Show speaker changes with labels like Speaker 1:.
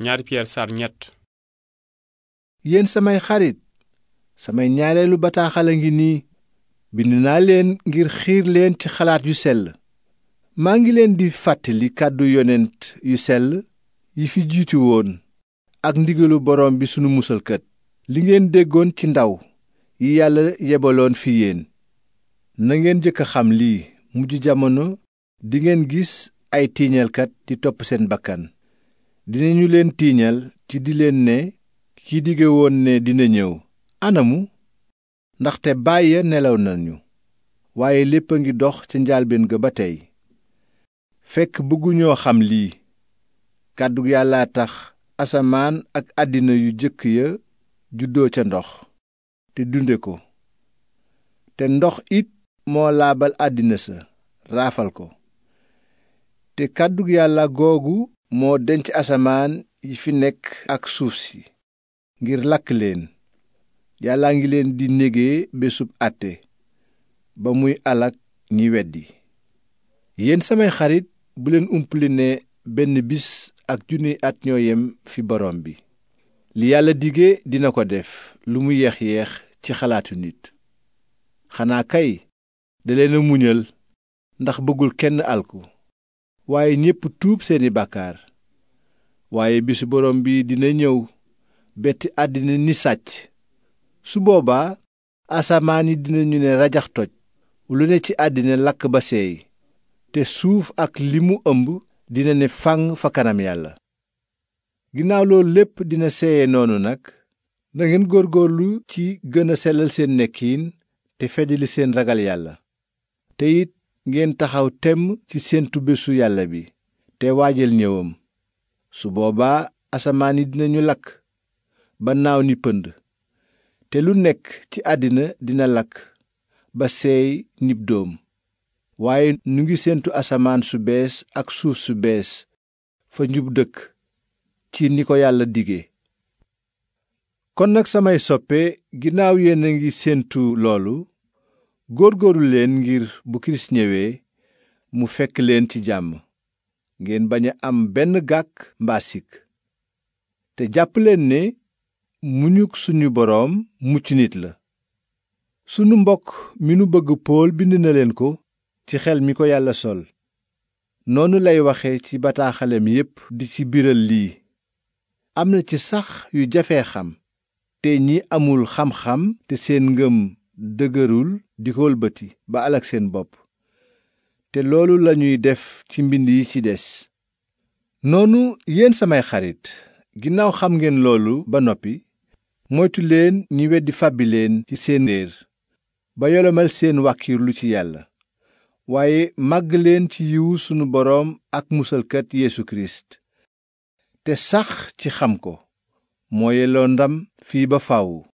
Speaker 1: ñaari Pierre yéen samay xarit samay ñaareelu bataaxal a ngi nii bind naa leen ngir xiir leen ci xalaat yu sell maa ngi leen di fàttali kàddu yonent yu sell yi fi jiitu woon ak ndigalu borom bi sunu musalkat li ngeen déggoon ci ndaw yi yàlla yebaloon fi yéen na ngeen jëkk a xam lii mujj jamono dingeen gis ay tiiñalkat di topp seen bakkan dinañu leen tiiñal ci di leen ne ki dige woon ne dina ñëw anamu ndaxte baay ya nelaw nañu waaye lépp a ngi dox ca njaalbeen ga ba tey fekk bëgguñoo xam lii kàddu yàlla tax asamaan ak àddina yu jëkk ya juddoo ca ndox te dunde ko te ndox it moo laabal àddina sa raafal ko te kàddu yàlla googu moo denc asamaan yi fi nekk ak suuf si ngir lakk leen yàllaa ngi leen di négee bésub àtte ba muy alak ñi weddi yéen samay xarit bu leen umpali ne benn bis ak junniy at fi borom bi li yàlla dige dina ko def lu mu yeex-yeex ci xalaatu nit xanaa kay da leen a muñal ndax bëggul kenn alku waaye ñépp tuub seeni bàkkaar waaye bisu borom bi dina ñëw betti àddina ni sàcc su boobaa asamaan yi dinañu ne rajax toj lu ne ci àddina lakk ba sey te suuf ak li mu ëmb dina ne fànn fa kanam yàlla ginnaaw loolu lépp dina seeye noonu nag nangeen góorgóorlu ci gëna selal seen nekkiin te feddali seen ragal yàlla te ngeen taxaw temm ci séentu bésu yàlla bi te waajal ñëwam su boobaa asamaan yi dinañu lakk ba naaw ni pënd te lu nekk ci àddina dina lakk ba seey nib doom waaye nu ngi séentu asamaan su bees ak suuf su bees fa njub dëkk ci ni ko yàlla dige kon nag samay soppe ginnaaw yéen a ngi séentu loolu góor góoruleen ngir bu kirist ñëwee mu fekk leen ci jàmm ngeen bañ a am benn gàkk mbaa te jàpp leen ne muñuk suñu boroom mucc nit la sunu mbokk mi nu bëgg pool bind na leen ko ci xel mi ko yàlla sol noonu lay waxe ci bataaxalem yépp di ci biral lii am na ci sax yu jafee xam te ñi amul xam-xam te seen ngëm dëgërul di ko wëlbati ba alak seen bopp te loolu lañuy def ci mbind yi ci des noonu yéen samay xarit ginnaaw xam ngeen loolu ba noppi moytu leen ñi weddi fàbbi leen ci seen réer ba yolomal seen wàkkiirlu ci yàlla waaye màgg leen ci yiwu sunu boroom ak musalkat Yesu Kirist te sax ci xam ko moo yelloo ndam fii ba faw